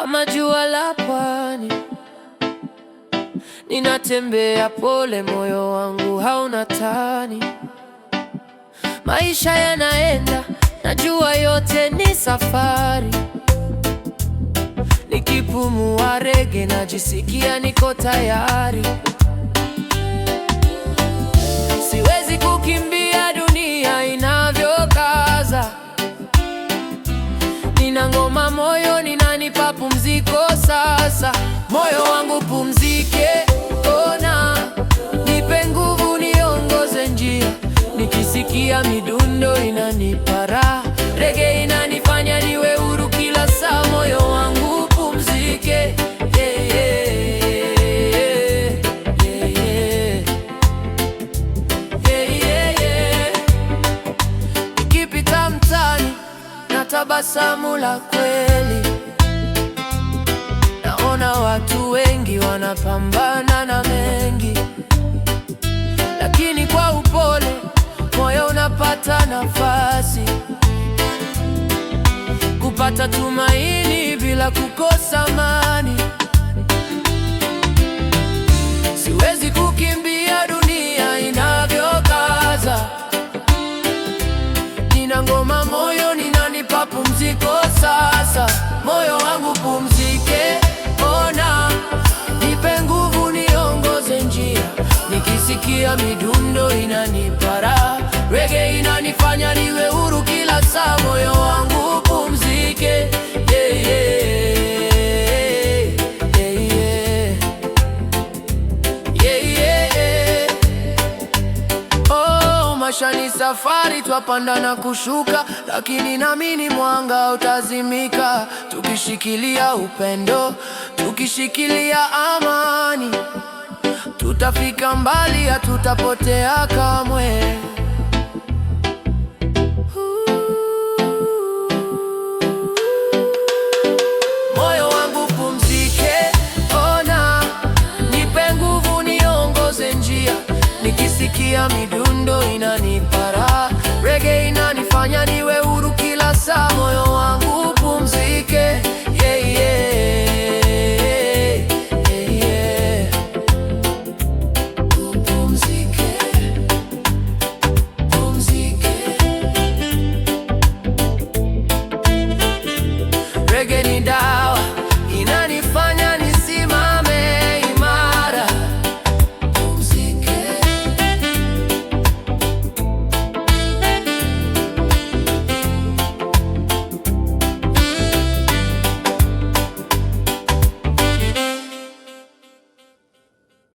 kama jua la pwani, ninatembea pole, moyo wangu hauna tani. Maisha yanaenda, najua yote ni safari. Nikipumua rege, najisikia niko tayari, siwezi sasa, moyo wangu pumzike, ona, nipe nguvu, niongoze njia, nikisikia midundo inanipara rege inanifanya niwe huru kila saa, moyo wangu pumzike yeah, yeah. Tabasamu la kweli unapambana na mengi, lakini kwa upole moyo unapata nafasi kupata tumaini bila kukosa amani. Siwezi kukimbia dunia inavyokaza, nina ngoma moyo ninanipa pumziko sasa, moyo wangu pumziko ya midundo inanipara, reggae inanifanya niwe huru kila saa, moyo wangu pumzike, yeah, yeah, yeah, yeah. Yeah, yeah, yeah. Oh, maisha ni safari, twapanda na kushuka, lakini naamini mwanga utazimika, tukishikilia upendo, tukishikilia amani tutafika mbali, hatutapotea kamwe. Moyo wangu pumzike, nguvu, niongoze njia, nikisikia midu